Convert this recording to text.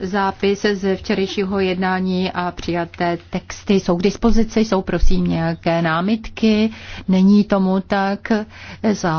zápis ze včerejšího jednání a přijaté texty jsou k dispozici, jsou prosím nějaké námitky, není tomu tak, zápis